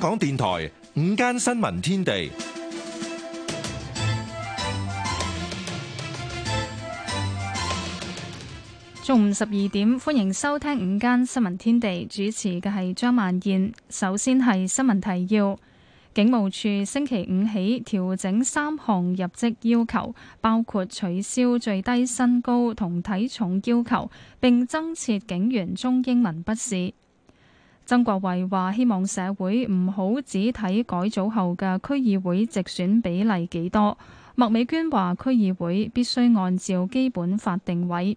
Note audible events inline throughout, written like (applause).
香港電台午間新聞天地，中午十二點，歡迎收聽午間新聞天地，主持嘅係張萬燕。首先係新聞提要：警務處星期五起調整三項入職要求，包括取消最低身高同體重要求，並增設警員中英文筆試。曾國衛話：希望社會唔好只睇改組後嘅區議會直選比例幾多。麥美娟話：區議會必須按照基本法定位。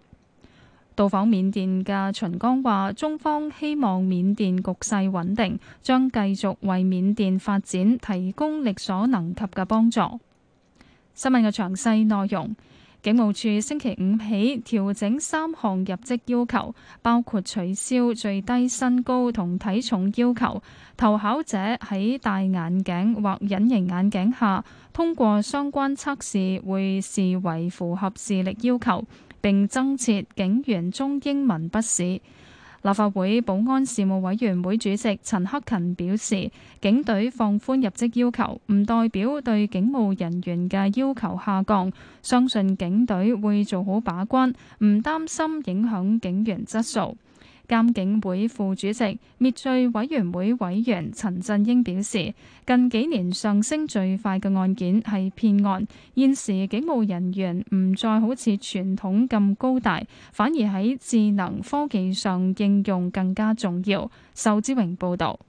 到訪緬甸嘅秦剛話：中方希望緬甸局勢穩定，將繼續為緬甸發展提供力所能及嘅幫助。新聞嘅詳細內容。警務處星期五起調整三項入職要求，包括取消最低身高同體重要求。投考者喺戴眼鏡或隱形眼鏡下通過相關測試，會視為符合視力要求，並增設警員中英文筆試。立法會保安事務委員會主席陳克勤表示，警隊放寬入職要求，唔代表對警務人員嘅要求下降，相信警隊會做好把關，唔擔心影響警員質素。監警會副主席、滅罪委員會委員陳振英表示，近幾年上升最快嘅案件係騙案，現時警務人員唔再好似傳統咁高大，反而喺智能科技上應用更加重要。仇志榮報道。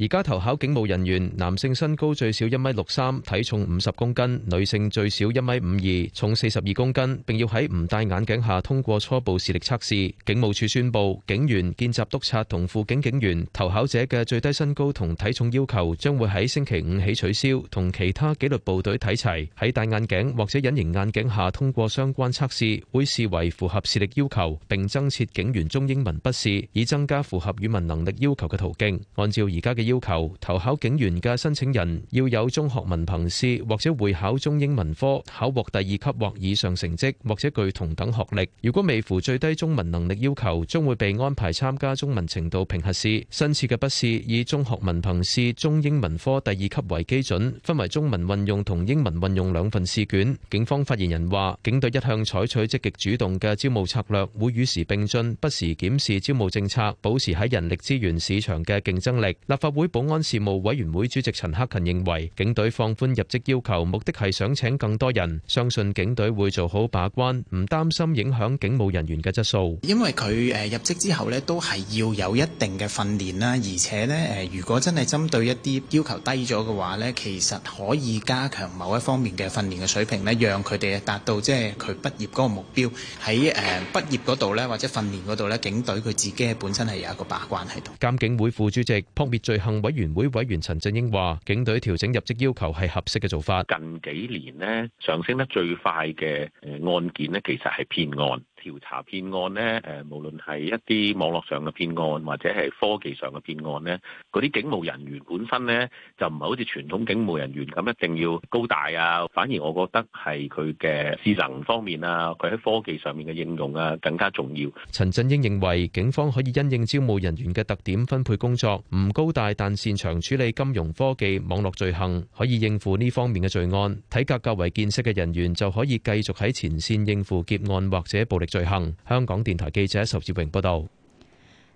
而家投考警務人員，男性身高最少一米六三，體重五十公斤；女性最少一米五二，重四十二公斤。並要喺唔戴眼鏡下通過初步視力測試。警務處宣布，警員、見習督察同輔警警員投考者嘅最低身高同體重要求將會喺星期五起取消。同其他紀律部隊睇齊，喺戴眼鏡或者隱形眼鏡下通過相關測試，會視為符合視力要求。並增設警員中英文筆試，以增加符合語文能力要求嘅途徑。按照而家嘅。要求投考警員嘅申請人要有中學文憑試或者會考中英文科考獲第二級或以上成績，或者具同等學歷。如果未符最低中文能力要求，將會被安排參加中文程度評核試。新設嘅筆試以中學文憑試中英文科第二級為基準，分為中文運用同英文運用兩份試卷。警方發言人話：警隊一向採取積極主動嘅招募策略，會與時並進，不時檢視招募政策，保持喺人力資源市場嘅競爭力。立法會。會保安事務委員會主席陳克勤認為，警隊放寬入職要求，目的係想請更多人，相信警隊會做好把關，唔擔心影響警務人員嘅質素。因為佢誒入職之後咧，都係要有一定嘅訓練啦，而且咧誒，如果真係針對一啲要求低咗嘅話咧，其實可以加強某一方面嘅訓練嘅水平咧，讓佢哋達到即係佢畢業嗰個目標。喺誒畢業嗰度咧，或者訓練嗰度咧，警隊佢自己係本身係有一個把關喺度。監警會副主席撲滅最後。委員會委員陳振英話：警隊調整入職要求係合適嘅做法。近幾年呢，上升得最快嘅案件呢，其實係騙案。調查騙案咧，誒，無論係一啲網絡上嘅騙案，或者係科技上嘅騙案咧，嗰啲警務人員本身咧，就唔係好似傳統警務人員咁一定要高大啊。反而我覺得係佢嘅智能方面啊，佢喺科技上面嘅應用啊，更加重要。陳振英認為，警方可以因應招募人員嘅特點分配工作，唔高大但擅長處理金融科技網絡罪行，可以應付呢方面嘅罪案。體格較為健碩嘅人員就可以繼續喺前線應付劫案或者暴力罪行。香港電台記者仇志榮報道：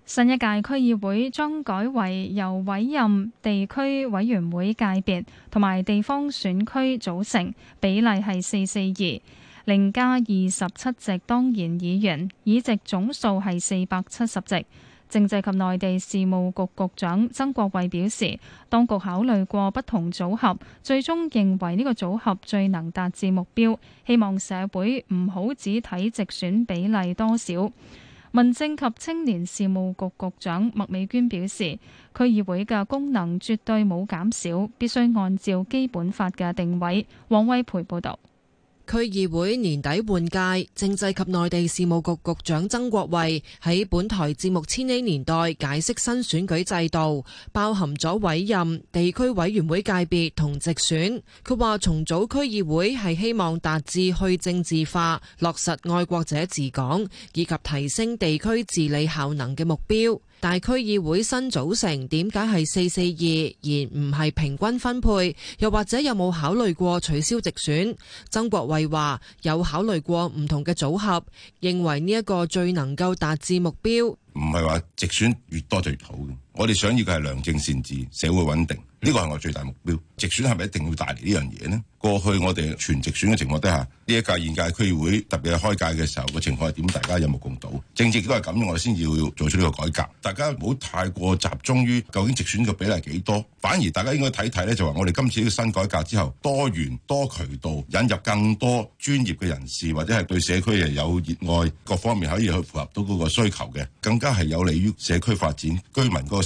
新一屆區議會將改為由委任地區委員會界別同埋地方選區組成，比例係四四二，另加二十七席當然議員，議席總數係四百七十席。政制及內地事務局局長曾國衛表示，當局考慮過不同組合，最終認為呢個組合最能達至目標。希望社會唔好只睇直選比例多少。民政及青年事務局局長麥美娟表示，區議會嘅功能絕對冇減少，必須按照基本法嘅定位。王威培報導。區議會年底換屆，政制及內地事務局局長曾國衛喺本台節目《千禧年代》解釋新選舉制度，包含咗委任、地區委員會界別同直選。佢話重組區議會係希望達至去政治化、落實愛國者治港以及提升地區治理效能嘅目標。大區議會新組成點解係四四二，而唔係平均分配？又或者有冇考慮過取消直選？曾國衛話有考慮過唔同嘅組合，認為呢一個最能夠達至目標。唔係話直選越多就越好。我哋想要嘅係良政善治、社會穩定，呢、這個係我最大目標。直選係咪一定要帶嚟呢樣嘢咧？過去我哋全直選嘅情況底下，呢一屆現屆區議會特別係開界嘅時候個情況係點？大家有目共睹。政治都係咁，我哋先要做出呢個改革。大家唔好太過集中於究竟直選嘅比例幾多，反而大家應該睇睇咧，就話我哋今次呢個新改革之後，多元多渠道引入更多專業嘅人士，或者係對社區又有熱愛各方面可以去符合到嗰個需求嘅，更加係有利於社區發展、居民嗰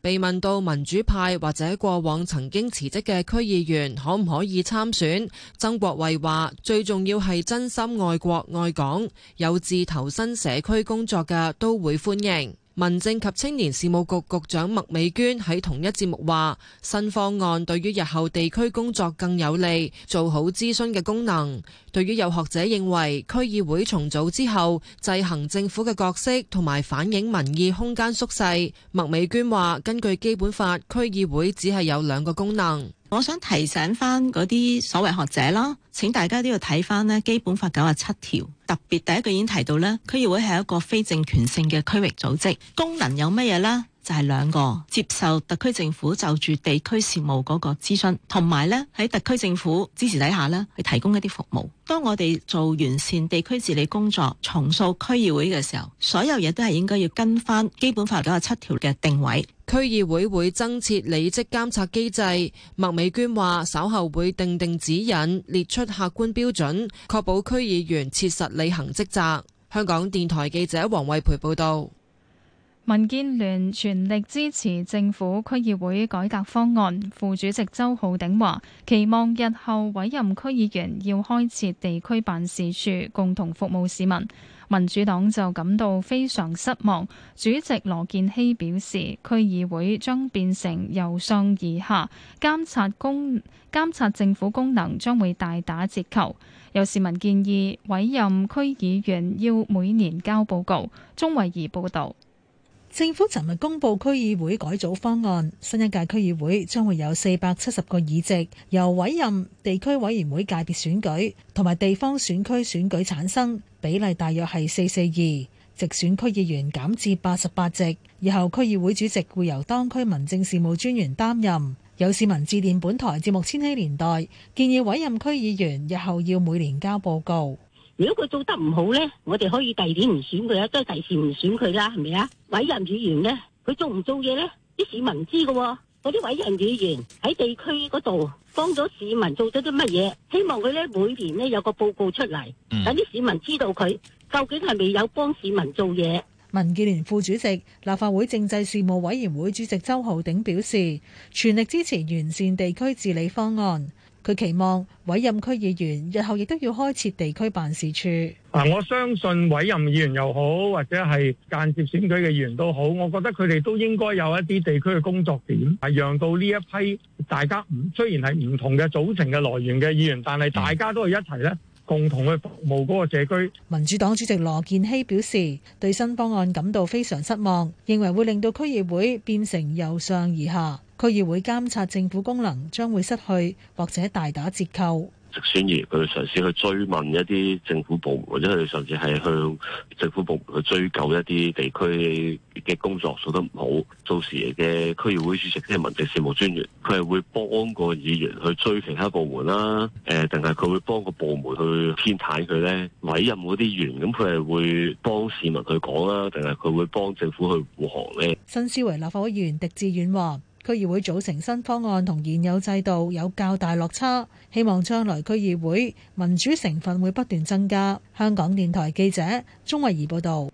被問到民主派或者過往曾經辭職嘅區議員可唔可以參選，曾國衛話：最重要係真心愛國愛港，有志投身社區工作嘅都會歡迎。民政及青年事務局局長麥美娟喺同一節目話：新方案對於日後地區工作更有利，做好諮詢嘅功能。對於有學者認為區議會重組之後，制衡政府嘅角色同埋反映民意空間縮細，麥美娟話：根據基本法，區議會只係有兩個功能。我想提醒翻嗰啲所謂學者啦，請大家都要睇翻《基本法》九十七條，特別第一句已經提到咧，區議會係一個非政權性嘅區域組織，功能有乜嘢咧？就係兩個接受特區政府就住地區事務嗰個諮詢，同埋咧喺特區政府支持底下咧，去提供一啲服務。當我哋做完善地區治理工作、重塑區議會嘅時候，所有嘢都係應該要跟翻《基本法》九十七條嘅定位。區議會會增設履職監察機制。麥美娟話：稍後會定定指引，列出客觀標準，確保區議員切實履行職責。香港電台記者黃惠培報道。民建聯全力支持政府區議會改革方案，副主席周浩鼎話：期望日後委任區議員要開設地區辦事處，共同服務市民。民主黨就感到非常失望。主席羅建熙表示，區議會將變成由上而下監察功監察政府功能，將會大打折扣。有市民建議委任區議員要每年交報告。鍾維怡報道。政府尋日公布區議會改組方案，新一屆區議會將會有四百七十個議席，由委任、地區委員會界別選舉同埋地方選區選舉產生，比例大約係四四二。直選區議員減至八十八席，以後區議會主席會由當區民政事務專員擔任。有市民致電本台節目《千禧年代》，建議委任區議員日後要每年交報告。如果佢做得唔好呢，我哋可以第二年唔選佢啊，都係第時唔選佢啦，係咪啊？委任議員呢，佢做唔做嘢呢？啲市民知噶、哦，嗰啲委任議員喺地區嗰度幫咗市民做咗啲乜嘢？希望佢呢每年呢有個報告出嚟，等啲市民知道佢究竟係咪有幫市民做嘢。嗯、民建聯副主席、立法會政制事務委員會主席周浩鼎表示，全力支持完善地區治理方案。佢期望委任區議員日後亦都要開設地區辦事處。嗱，我相信委任議員又好，或者係間接選舉嘅議員都好，我覺得佢哋都應該有一啲地區嘅工作點，係讓到呢一批大家唔雖然係唔同嘅組成嘅來源嘅議員，但係大家都係一齊咧，共同去服務嗰個社區。民主黨主席羅健熙表示，對新方案感到非常失望，認為會令到區議會變成由上而下。區議會監察政府功能將會失去或者大打折扣。直選議員佢嘗試去追問一啲政府部門，或者佢甚至係向政府部門去追究一啲地區嘅工作做得唔好。到時嘅區議會主席即係民政事務專員，佢係會幫個議員去追其他部門啦。誒，定係佢會幫個部門去偏袒佢咧，委任嗰啲員，咁佢係會幫市民去講啦，定係佢會幫政府去護航咧。新思維立法會議員狄志遠話。區議會組成新方案同現有制度有較大落差，希望將來區議會民主成分會不斷增加。香港電台記者鍾慧儀報導。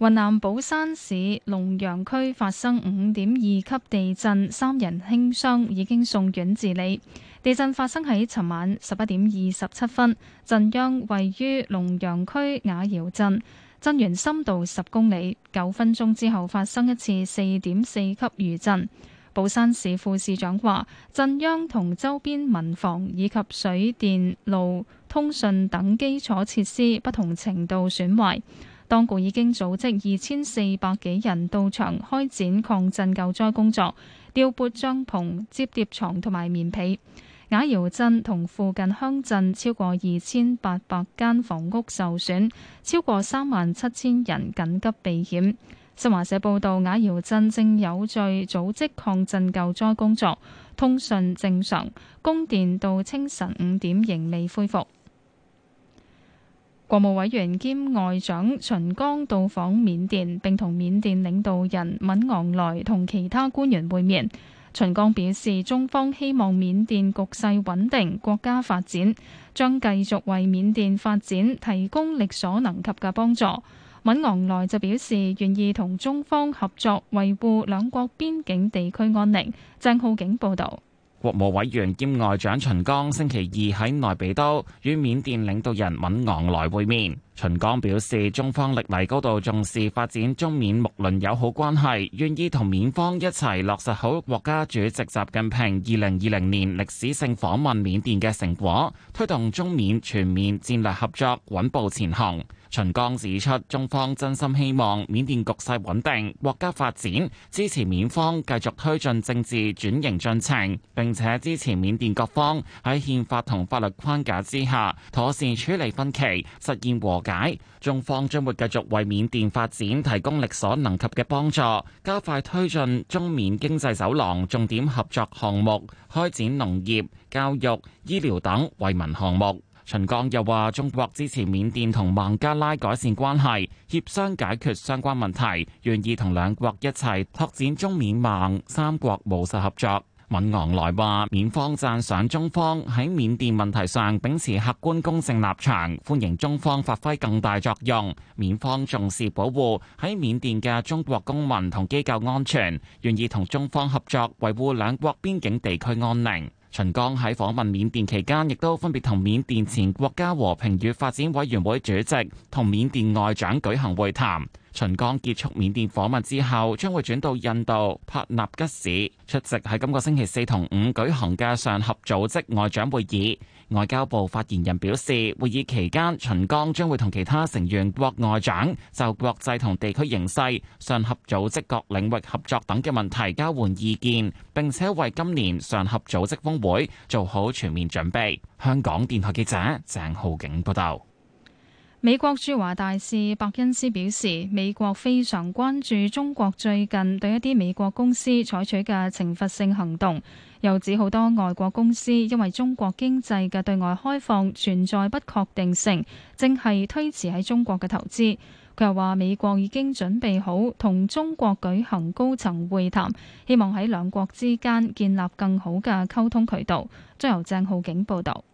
雲南保山市龍陽區發生五點二級地震，三人輕傷已經送院治理。地震發生喺尋晚十一點二十七分，震央位於龍陽區瓦窯鎮。震源深度十公里，九分鐘之後發生一次四點四級餘震。保山市副市長話：震央同周邊民房以及水電路、通訊等基礎設施不同程度損壞。當局已經組織二千四百幾人到場，開展抗震救災工作，調撥帳篷、摺疊床同埋棉被。瓦窯鎮同附近鄉鎮超過二千八百間房屋受損，超過三萬七千人緊急避險。新華社報道，瓦窯鎮正有序組織抗震救災工作，通訊正常，供電到清晨五點仍未恢復。國務委員兼外長秦剛到訪緬甸，並同緬甸領導人敏昂萊同其他官員會面。秦剛表示，中方希望緬甸局勢穩定，國家發展，將繼續為緬甸發展提供力所能及嘅幫助。敏昂萊就表示，願意同中方合作，維護兩國邊境地區安寧，鄭浩景報道。國務委員兼外長秦剛星期二喺內比都與緬甸領導人敏昂萊會面。秦剛表示，中方歷來高度重視發展中緬睦鄰友好關係，願意同緬方一齊落實好國家主席習近平二零二零年歷史性訪問緬甸嘅成果，推動中緬全面戰略合作穩步前行。秦剛指出，中方真心希望緬甸局勢穩定，國家發展，支持緬方繼續推進政治轉型進程，並且支持緬甸各方喺憲法同法律框架之下妥善處理分歧，實現和解。中方將會繼續為緬甸發展提供力所能及嘅幫助，加快推進中緬經濟走廊重點合作項目，開展農業、教育、醫療等惠民項目。秦剛又話：中國支持緬甸同孟加拉改善關係，協商解決相關問題，願意同兩國一齊拓展中緬孟三國務實合作。敏昂萊話：緬方讚賞中方喺緬甸問題上秉持客觀公正立場，歡迎中方發揮更大作用。緬方重視保護喺緬甸嘅中國公民同機構安全，願意同中方合作維護兩國邊境地區安寧。秦剛喺訪問緬甸期間，亦都分別同緬甸前國家和平與發展委員會主席同緬甸外長舉行會談。秦剛結束緬甸訪問之後，將會轉到印度帕納吉市出席喺今個星期四同五舉行嘅上合組織外長會議。外交部發言人表示，會議期間，秦剛將會同其他成員國外長就國際同地區形勢、上合組織各領域合作等嘅問題交換意見，並且為今年上合組織峰會做好全面準備。香港電台記者鄭浩景報道。美國駐華大使白恩斯表示，美國非常關注中國最近對一啲美國公司採取嘅懲罰性行動。又指好多外國公司因為中國經濟嘅對外開放存在不確定性，正係推遲喺中國嘅投資，佢又話美國已經準備好同中國舉行高層會談，希望喺兩國之間建立更好嘅溝通渠道。將由鄭浩景報道。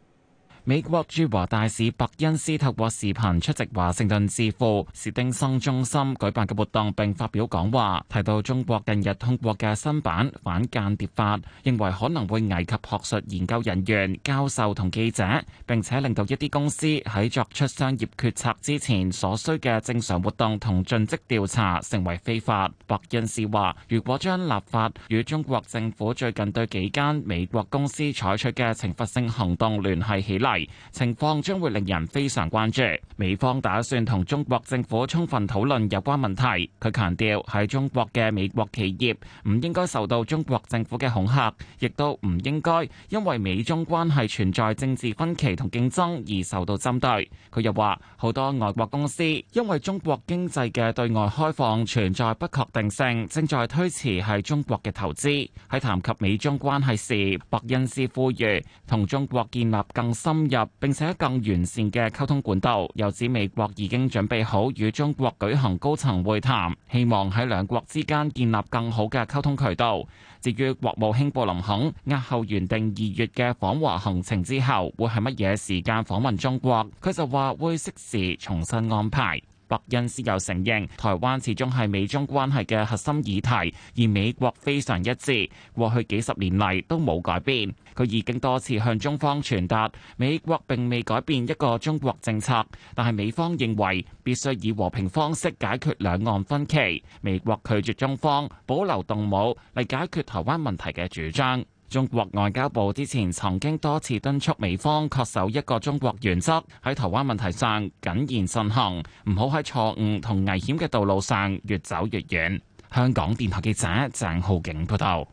美國駐華大使伯恩斯透過視頻出席華盛頓智庫史汀生中心舉辦嘅活動，並發表講話，提到中國近日通過嘅新版反間諜法，認為可能會危及學術研究人員、教授同記者，並且令到一啲公司喺作出商業決策之前所需嘅正常活動同盡職調查成為非法。伯恩斯話：如果將立法與中國政府最近對幾間美國公司採取嘅懲罰性行動聯繫起來，情況將會令人非常關注。美方打算同中國政府充分討論有關問題。佢強調喺中國嘅美國企業唔應該受到中國政府嘅恐嚇，亦都唔應該因為美中關係存在政治分歧同競爭而受到針對。佢又話好多外國公司因為中國經濟嘅對外開放存在不確定性，正在推遲喺中國嘅投資。喺談及美中關係時，白恩斯呼籲同中國建立更深入並且更完善嘅溝通管道，又指美國已經準備好與中國舉行高層會談，希望喺兩國之間建立更好嘅溝通渠道。至於國務卿布林肯押後原定二月嘅訪華行程之後，會喺乜嘢時間訪問中國？佢就話會適時重新安排。白恩斯又承認台灣始終係美中關係嘅核心議題，而美國非常一致，過去幾十年嚟,都冇改變，佢已經多次向中方傳達美國並未改變一個中國政策，但係美方認為必須以和平方式解決兩岸分歧。美國拒絕中方保留動武嚟解決台灣問題嘅主張。中國外交部之前曾經多次敦促美方恪守一個中國原則，喺台灣問題上謹言慎行，唔好喺錯誤同危險嘅道路上越走越遠。香港電台記者鄭浩景報道：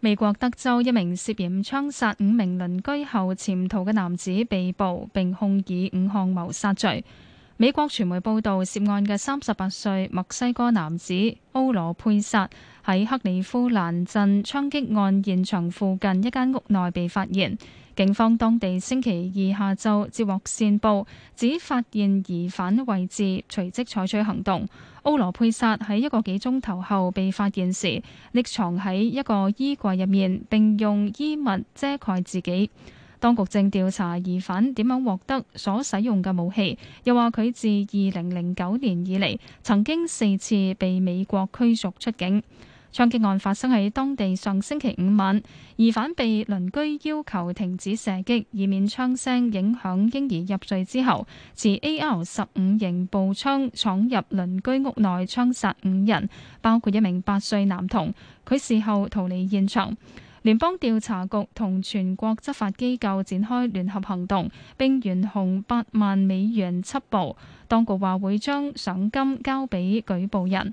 美國德州一名涉嫌槍殺五名鄰居後潛逃嘅男子被捕，並控以五項謀殺罪。美國傳媒報導，涉案嘅三十八歲墨西哥男子奧羅佩薩喺克里夫蘭鎮槍擊案現場附近一間屋內被發現。警方當地星期二下晝接獲線報，指發現疑犯位置，隨即採取行動。奧羅佩薩喺一個幾鐘頭後被發現時，匿藏喺一個衣櫃入面，並用衣物遮蓋自己。當局正調查疑犯點樣獲得所使用嘅武器，又話佢自二零零九年以嚟曾經四次被美國驅逐出境。槍擊案發生喺當地上星期五晚，疑犯被鄰居要求停止射擊，以免槍聲影響嬰兒入睡之後，持 AR 十五型步槍闖入鄰居屋內槍殺五人，包括一名八歲男童。佢事後逃離現場。聯邦調查局同全國執法機構展開聯合行動，並懸紅八萬美元緝捕。當局話會將賞金交俾舉報人。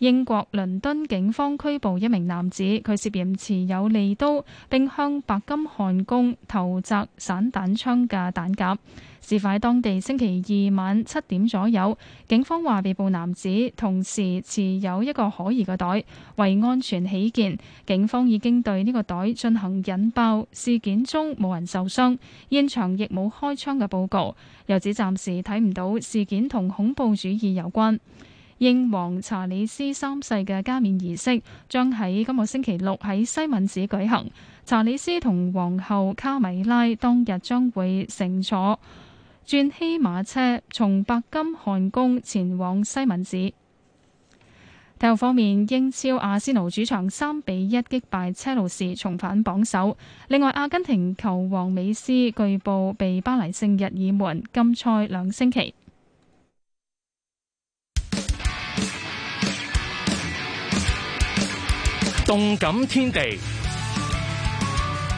英國倫敦警方拘捕一名男子，佢涉嫌持有利刀並向白金漢宮投擲散彈槍嘅彈夾。事發當地星期二晚七點左右，警方話被捕男子同時持有一個可疑嘅袋，為安全起見，警方已經對呢個袋進行引爆。事件中冇人受傷，現場亦冇開槍嘅報告，又指暫時睇唔到事件同恐怖主義有關。英王查理斯三世嘅加冕儀式將喺今個星期六喺西敏寺舉行。查理斯同皇后卡米拉當日將會乘坐鑽禧馬車從白金漢宮前往西敏寺。體育方面，英超阿仙奴主場三比一擊敗車路士，重返榜首。另外，阿根廷球王美斯據報被巴黎聖日耳門禁賽兩星期。動感天地，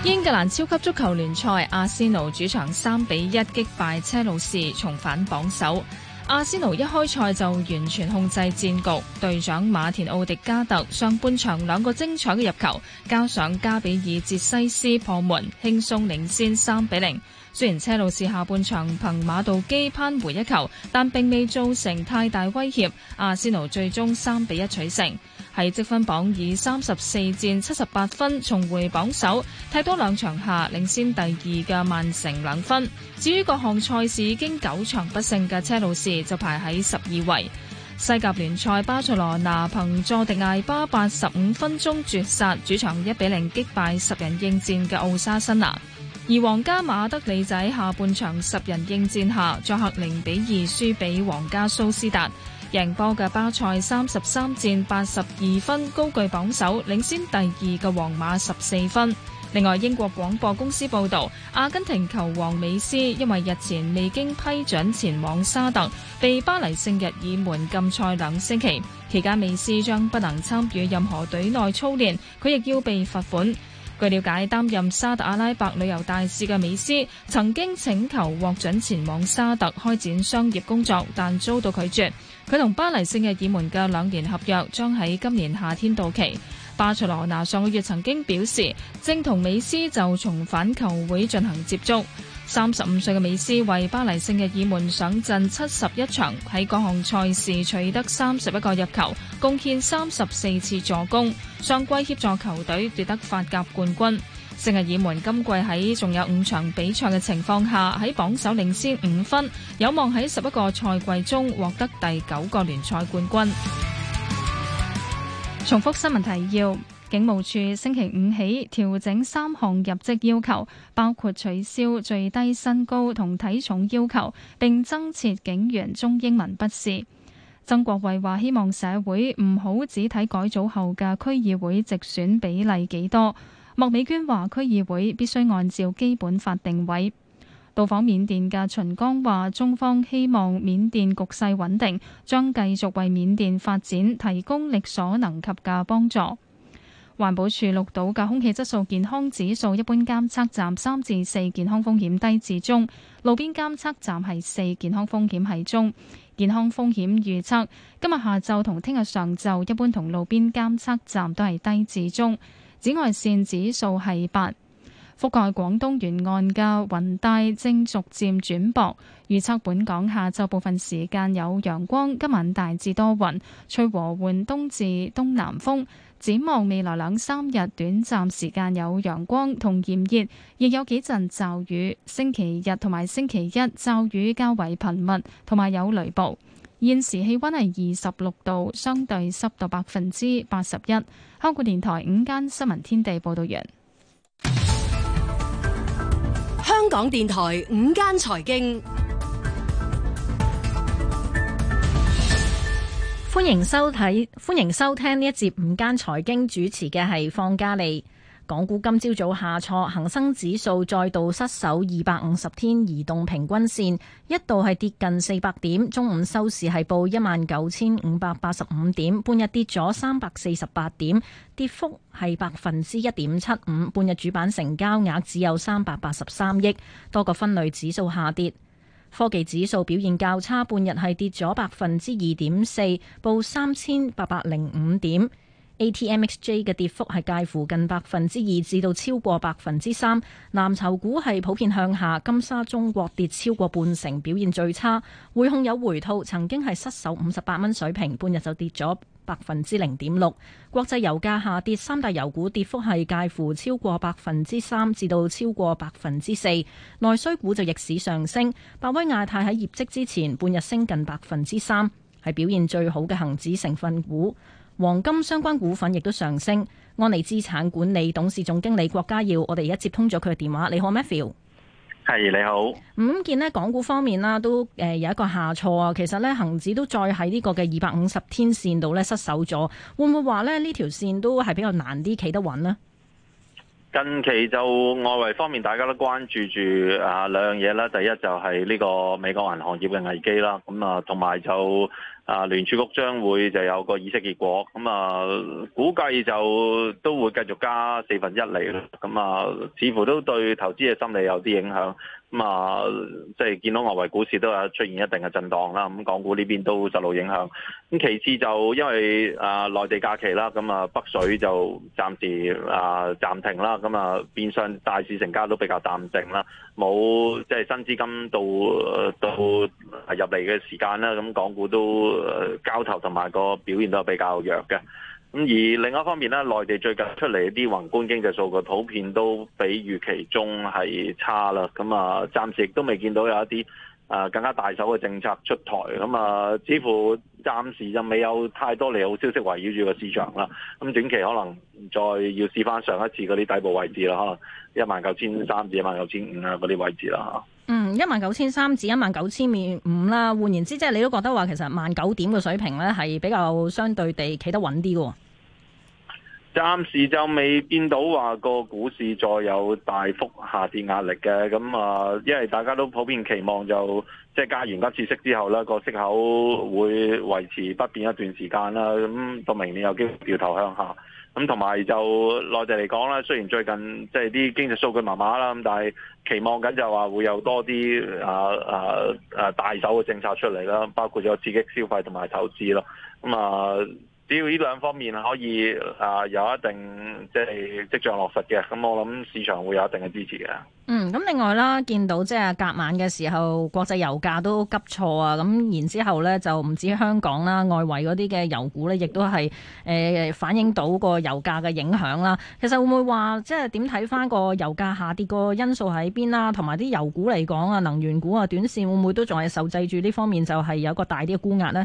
英格蘭超級足球聯賽，阿仙奴主場三比一擊敗車路士，重返榜首。阿仙奴一開賽就完全控制戰局，隊長馬田奧迪加特上半場兩個精彩嘅入球，加上加比爾哲西斯破門，輕鬆領先三比零。雖然車路士下半場憑馬道基攀回一球，但並未造成太大威脅。阿仙奴最終三比一取勝。喺積分榜以三十四戰七十八分重回榜首，踢多兩場下領先第二嘅曼城兩分。至於各項賽事，經九場不勝嘅車路士就排喺十二位。西甲聯賽巴塞羅那憑佐迪艾巴八十五分鐘絕殺，主場一比零擊敗十人應戰嘅奧沙辛拿。而皇家馬德里仔下半場十人應戰下，作客零比二輸俾皇家蘇斯達。贏波嘅巴塞三十三戰八十二分高居榜首，領先第二個皇馬十四分。另外，英國廣播公司報導，阿根廷球王美斯因為日前未經批准前往沙特，被巴黎聖日耳門禁賽兩星期，期間美斯將不能參與任何隊內操練，佢亦要被罰款。據了解，擔任沙特阿拉伯旅遊大使嘅美斯，曾經請求獲准前往沙特開展商業工作，但遭到拒絕。佢同巴黎聖日耳門嘅兩年合約將喺今年夏天到期。巴塞羅那上個月曾經表示，正同美斯就重返球會進行接觸。三十五歲嘅美斯為巴黎聖日耳門上陣七十一場，喺各項賽事取得三十一個入球，貢獻三十四次助攻。上季協助球隊奪得法甲冠軍。聖日耳門今季喺仲有五場比賽嘅情況下，喺榜首領先五分，有望喺十一個賽季中獲得第九個聯賽冠軍。重複新聞提要。警務處星期五起調整三項入職要求，包括取消最低身高同體重要求，並增設警員中英文筆試。曾國衛話：希望社會唔好只睇改組後嘅區議會直選比例幾多。莫美娟話：區議會必須按照基本法定位。到訪緬甸嘅秦剛話：中方希望緬甸局勢穩定，將繼續為緬甸發展提供力所能及嘅幫助。環保署錄到嘅空氣質素健康指數，一般監測站三至四，健康風險低至中；路邊監測站係四，健康風險係中。健康風險預測今日下晝同聽日上晝一般同路邊監測站都係低至中。紫外線指數係八，覆蓋廣東沿岸嘅雲帶正逐漸轉薄，預測本港下晝部分時間有陽光，今晚大致多雲，吹和緩東至東南風。展望未來兩三日短暫，短暫時間有陽光同炎熱，亦有幾陣驟雨。星期日同埋星期一驟雨較為頻密，同埋有雷暴。現時氣温係二十六度，相對濕度百分之八十一。香港電台午間新聞天地報道員，香港電台午間財經。歡迎收睇，歡迎收聽呢一節午間財經主持嘅係方嘉利。港股今朝早,早下挫，恒生指數再度失守二百五十天移動平均線，一度係跌近四百點。中午收市係報一萬九千五百八十五點，半日跌咗三百四十八點，跌幅係百分之一點七五。半日主板成交額只有三百八十三億，多個分類指數下跌。科技指數表現較差，半日係跌咗百分之二點四，報三千八百零五點。ATMXJ 嘅跌幅係介乎近百分之二至到超過百分之三，藍籌股係普遍向下，金沙中國跌超過半成，表現最差。匯控有回吐，曾經係失守五十八蚊水平，半日就跌咗百分之零點六。國際油價下跌，三大油股跌幅係介乎超過百分之三至到超過百分之四。內需股就逆市上升，百威亞太喺業績之前半日升近百分之三，係表現最好嘅恒指成分股。黃金相關股份亦都上升，安利資產管理董事總經理郭家耀，我哋而家接通咗佢嘅電話。你好，Matthew。係、hey, 你好。五件呢，港股方面啦，都誒、呃、有一個下挫啊。其實呢，恒指都再喺呢個嘅二百五十天線度咧失守咗，會唔會話咧呢條線都係比較難啲企得穩呢？近期就外圍方面，大家都關注住啊兩樣嘢啦。第一就係呢個美國銀行業嘅危機啦。咁啊，同埋就啊聯儲局將會就有個議息結果。咁啊，估計就都會繼續加四分一厘啦。咁啊，似乎都對投資嘅心理有啲影響。咁啊、嗯呃，即係見到外圍股市都有出現一定嘅震盪啦。咁、嗯、港股呢邊都受到影響。咁其次就因為啊、呃，內地假期啦，咁、嗯、啊北水就暫時啊、呃、暫停啦。咁、嗯、啊，變相大市成交都比較淡靜啦，冇即係新資金到到入嚟嘅時間啦。咁、嗯、港股都、呃、交投同埋個表現都比較弱嘅。咁而另一方面咧，內地最近出嚟一啲宏觀經濟數據普遍都比預期中係差啦。咁、嗯、啊，暫時亦都未見到有一啲啊、呃、更加大手嘅政策出台。咁、嗯、啊，似乎暫時就未有太多利好消息圍繞住個市場啦。咁、嗯、短期可能再要試翻上，上一次嗰啲底部位置啦，可能一萬九千三至一萬九千五啊，嗰啲位置啦，嚇。嗯，一萬九千三至一萬九千五啦。換言之，即係你都覺得話其實萬九點嘅水平咧係比較相對地企得穩啲嘅。暫時就未見到話個股市再有大幅下跌壓力嘅，咁啊、呃，因為大家都普遍期望就即係、就是、加完呢次息之後咧，個息口會維持不變一段時間啦。咁、嗯、到明年有機會調頭向下。咁同埋就內地嚟講啦，雖然最近即係啲經濟數據麻麻啦，咁但係期望緊就話會有多啲啊啊啊大手嘅政策出嚟啦，包括咗刺激消費同埋投資咯。咁、嗯、啊。只要呢兩方面可以啊，有一定即係即將落實嘅，咁我諗市場會有一定嘅支持嘅。嗯，咁另外啦，見到即係隔晚嘅時候，國際油價都急挫啊，咁然之後呢就唔止香港啦，外圍嗰啲嘅油股呢，亦都係誒、呃、反映到個油價嘅影響啦。其實會唔會話即係點睇翻個油價下跌個因素喺邊啦？同埋啲油股嚟講啊，能源股啊，短線會唔會都仲係受制住呢方面，就係有個大啲嘅沽壓呢？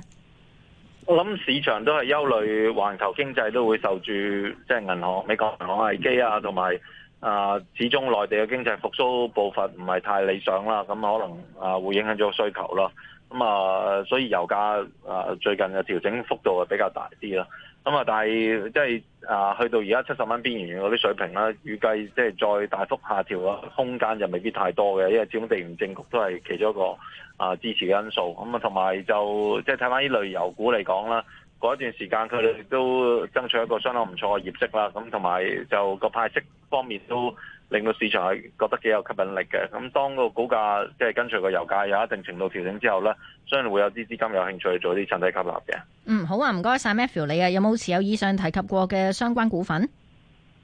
我諗市場都係憂慮環球經濟都會受住，即係銀行、美國銀行危機啊，同埋啊，始終內地嘅經濟復甦步伐唔係太理想啦，咁可能啊、呃、會影響咗個需求咯，咁、嗯、啊、呃、所以油價啊、呃、最近嘅調整幅度係比較大啲啦。咁啊，但係即係啊，去到而家七十蚊邊緣嗰啲水平啦，啊，預計即係再大幅下調啊，空間就未必太多嘅，因為始終地緣政局都係其中一個啊支持嘅因素。咁啊，同埋就即係睇返啲旅遊股嚟講啦，嗰一段時間佢哋都爭取一個相當唔錯嘅業績啦。咁同埋就個派息方面都，令到市場係覺得幾有吸引力嘅，咁當個股價即係跟隨個油價有一定程度調整之後咧，將會有啲資金有興趣做啲趁低吸納嘅。嗯，好啊，唔該晒。Matthew 你啊，有冇持有以上提及過嘅相關股份？誒、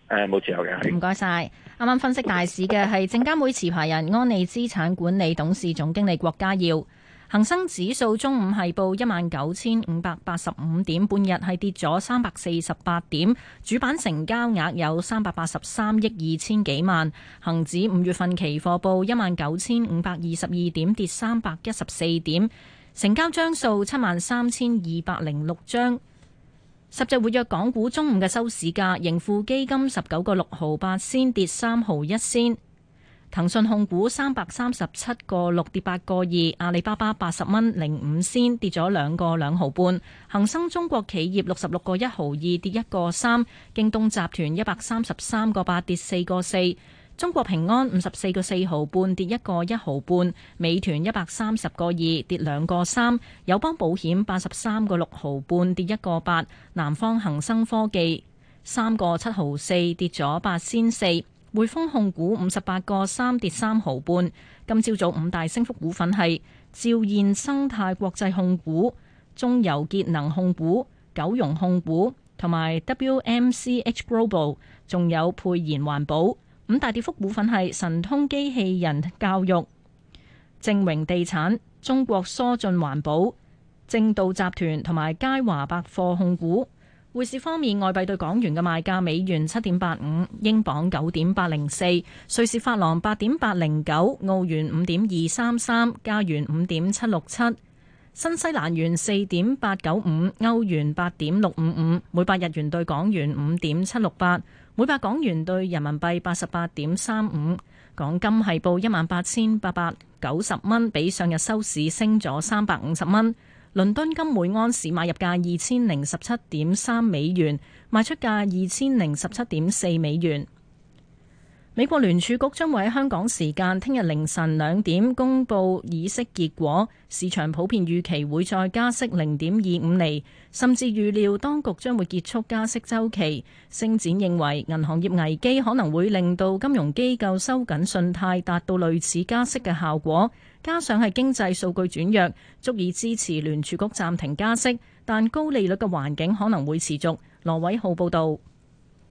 嗯，冇持有嘅。係。唔該晒。啱啱分析大市嘅係證監會持牌人安利資產管理董事總經理郭家耀。恒生指數中午係報一萬九千五百八十五點，半日係跌咗三百四十八點，主板成交額有三百八十三億二千幾萬。恒指五月份期貨報一萬九千五百二十二點，跌三百一十四點，成交張數七萬三千二百零六張。十隻活躍港股中午嘅收市價，盈富基金十九個六毫八仙，跌三毫一仙。騰訊控股三百三十七個六跌八個二，阿里巴巴八十蚊零五仙跌咗兩個兩毫半，恒生中國企業六十六個一毫二跌一個三，京東集團一百三十三個八跌四個四，中國平安五十四個四毫半跌一個一毫半，美團一百三十個二跌兩個三，友邦保險八十三個六毫半跌一個八，南方恒生科技三個七毫四跌咗八仙四。匯豐控股五十八個三跌三毫半。今朝早五大升幅股份係兆燕生態國際控股、中油潔能控股、九融控股同埋 WMCH Global，仲有沛然環保。五大跌幅股份係神通機器人教育、正榮地產、中國疏浚環保、正道集團同埋佳華百貨控股。匯市方面，外幣對港元嘅賣價：美元七點八五，英鎊九點八零四，瑞士法郎八點八零九，澳元五點二三三，加元五點七六七，新西蘭元四點八九五，歐元八點六五五，每百日元對港元五點七六八，每百港元對人民幣八十八點三五。港金係報一萬八千八百九十蚊，比上日收市升咗三百五十蚊。倫敦金每安士買入價二千零十七點三美元，賣出價二千零十七點四美元。美國聯儲局將會喺香港時間聽日凌晨兩點公布議息結果，市場普遍預期會再加息零點二五厘，甚至預料當局將會結束加息週期。星展認為，銀行業危機可能會令到金融機構收緊信貸，達到類似加息嘅效果。加上係經濟數據轉弱，足以支持聯儲局暫停加息，但高利率嘅環境可能會持續。羅偉浩報道。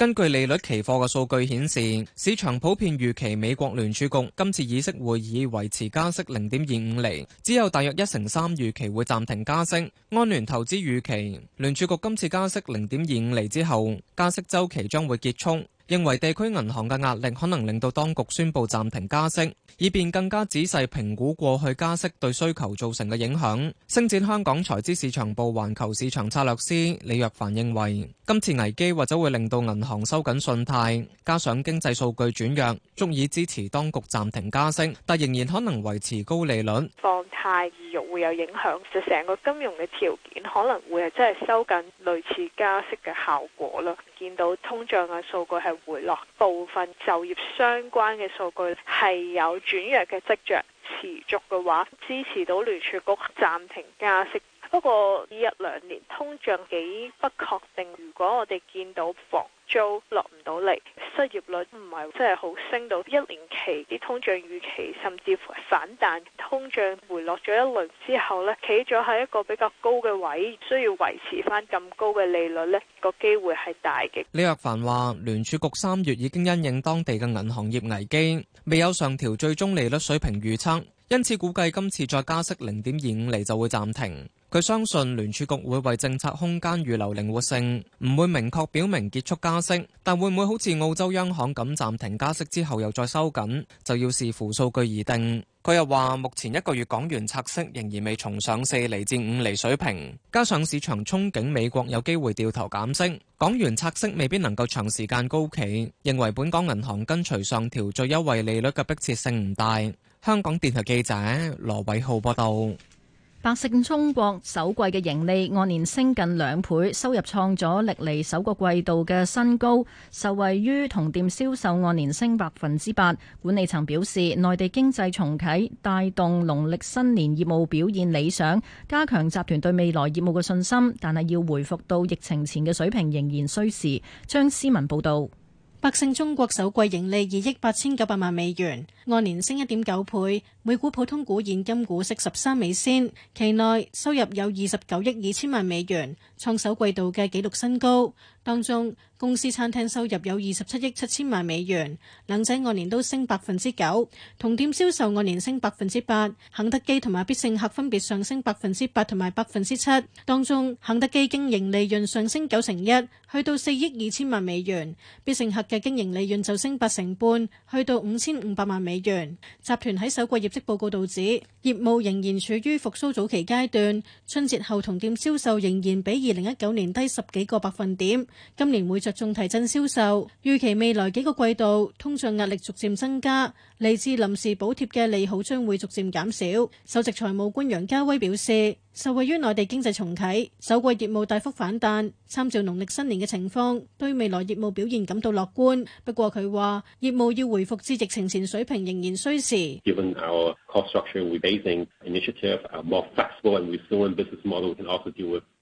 根據利率期貨嘅數據顯示，市場普遍預期美國聯儲局今次議息會議維持加息零點二五厘，只有大約一成三預期會暫停加息。安聯投資預期聯儲局今次加息零點二五厘之後，加息週期將會結束。認為地區銀行嘅壓力可能令到當局宣佈暫停加息，以便更加仔細評估過去加息對需求造成嘅影響。星展香港財資市場部環球市場策略師李若凡認為，今次危機或者會令到銀行收緊信貸，加上經濟數據轉弱，足以支持當局暫停加息，但仍然可能維持高利率。放貸意欲會有影響，就成個金融嘅條件可能會係真係收緊，類似加息嘅效果咯。見到通脹嘅數據係回落，部分就業相關嘅數據，係有轉弱嘅跡象，持續嘅話，支持到聯儲局暫停加息。不過呢一兩年通脹幾不確定，如果我哋見到房租落唔到嚟，失業率唔係真係好升到，一年期啲通脹預期甚至乎反彈，通脹回落咗一輪之後咧，企咗喺一個比較高嘅位，需要維持翻咁高嘅利率，呢個機會係大嘅。李若凡話：聯儲局三月已經因應當地嘅銀行業危機，未有上調最終利率水平預測。因此估計今次再加息零0二五厘就會暫停。佢相信聯儲局會為政策空間預留靈活性，唔會明確表明結束加息，但會唔會好似澳洲央行咁暫停加息之後又再收緊，就要視乎數據而定。佢又話，目前一個月港元拆息仍然未重上四厘至五厘水平，加上市場憧憬美國有機會掉頭減息，港元拆息未必能夠長時間高企。認為本港銀行跟隨上調最優惠利率嘅迫切性唔大。香港電台記者羅偉浩報道，百勝中國首季嘅盈利按年升近兩倍，收入創咗歷嚟首個季度嘅新高，受惠於同店銷售按年升百分之八。管理層表示，內地經濟重啟帶動農曆新年業務表現理想，加強集團對未來業務嘅信心，但係要回復到疫情前嘅水平仍然需時。張思文報道。百勝中國首季盈利二億八千九百萬美元，按年升一點九倍，每股普通股現金股息十三美仙，期內收入有二十九億二千萬美元，創首季度嘅紀錄新高。當中公司餐廳收入有二十七億七千萬美元，兩者按年都升百分之九，同店銷售按年升百分之八。肯德基同埋必勝客分別上升百分之八同埋百分之七。當中肯德基經營利潤上升九成一，去到四億二千萬美元；必勝客嘅經營利潤就升八成半，去到五千五百萬美元。集團喺首季業績報告度指，業務仍然處於復蘇早期階段，春節後同店銷售仍然比二零一九年低十幾個百分點。今年會着重提振銷售，預期未來幾個季度通脹壓力逐漸增加，嚟自臨時補貼嘅利好將會逐漸減少。首席財務官楊家威表示，受惠於內地經濟重啟，首季業務大幅反彈。參照農曆新年嘅情況，對未來業務表現感到樂觀。不過，佢話業務要回復至疫情前水平仍然需時。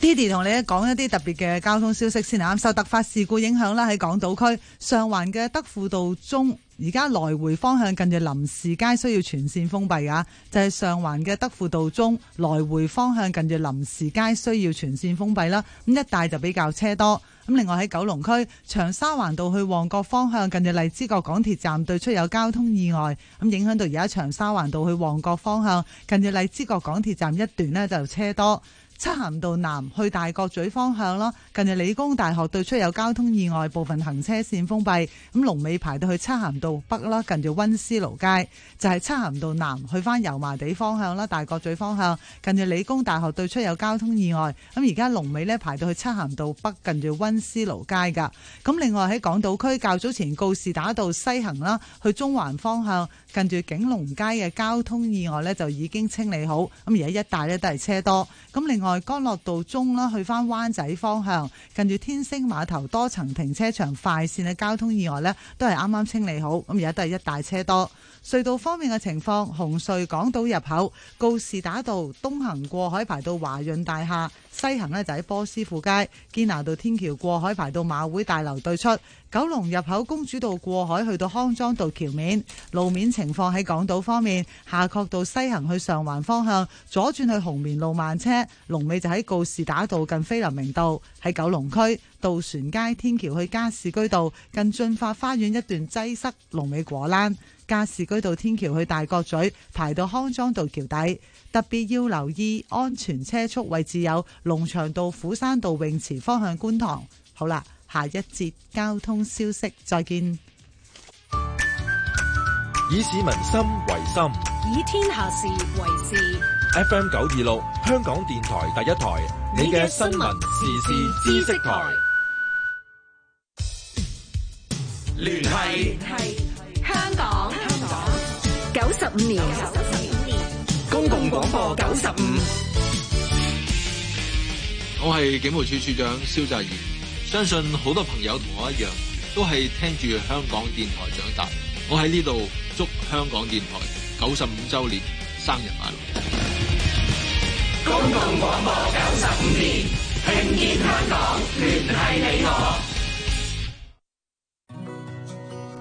爹哋同你講一啲特別嘅交通消息先啦，啱受突發事故影響啦，喺港島區上環嘅德輔道中，而家來回方向近住臨時街需要全線封閉噶，就係、是、上環嘅德輔道中來回方向近住臨時街需要全線封閉啦。咁一帶就比較車多。咁另外喺九龍區長沙環道去旺角方向近住荔枝角港鐵站對出有交通意外，咁影響到而家長沙環道去旺角方向近住荔枝角港鐵站一段呢就車多。七咸道南去大角咀方向啦，近住理工大學對出有交通意外，部分行車線封閉。咁龍尾排到去七咸道北啦，近住溫思勞街。就係、是、七咸道南去翻油麻地方向啦，大角咀方向近住理工大學對出有交通意外。咁而家龍尾呢，排到去七咸道北近住溫思勞街噶。咁另外喺港島區較早前告士打道西行啦，去中環方向近住景隆街嘅交通意外呢，就已經清理好。咁而家一帶呢，都係車多。咁另外，外干諾道中啦，去翻灣仔方向，近住天星碼頭多層停車場快線嘅交通意外咧，都係啱啱清理好，咁而家都係一大車多。隧道方面嘅情況，紅隧港島入口告士打道東行過海排到華潤大廈，西行呢就喺波斯富街堅拿道天橋過海排到馬會大樓對出。九龍入口公主道過海去到康莊道橋面。路面情況喺港島方面，夏愨道西行去上環方向，左轉去紅棉路慢車，龍尾就喺告士打道近菲林明道喺九龍區渡船街天橋去加士居道近駿發花園一段擠塞龍，龍尾果欄。加士居道天橋去大角咀，排到康莊道橋底，特別要留意安全車速位置有龍翔道、虎山道泳池方向觀塘。好啦，下一節交通消息，再見。以市民心為心，以天下事為事。F M 九二六，香港電台第一台，你嘅新聞 (noise) 時事知識台，聯繫聯繫。繫香港，香港九十五年，九十五年，公共廣播九十五年。我係警務處處長蕭澤頤，相信好多朋友同我一樣，都係聽住香港電台長大。我喺呢度祝香港電台九十五周年生日快樂！公共廣播九十五年，聽見香港，聯繫你我。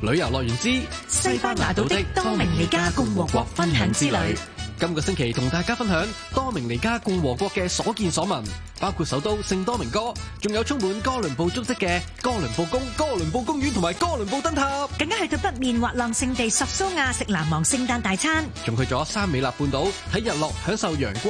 旅遊樂園之西班牙島的多明尼加共和國分享之旅，今個星期同大家分享多明尼加共和國嘅所見所聞，包括首都聖多明哥，仲有充滿哥倫布足迹嘅哥倫布宮、哥倫布公園同埋哥倫布燈塔，更加去到北面滑浪聖地索蘇亞食難忘聖誕大餐，仲去咗三美納半島睇日落，享受陽光。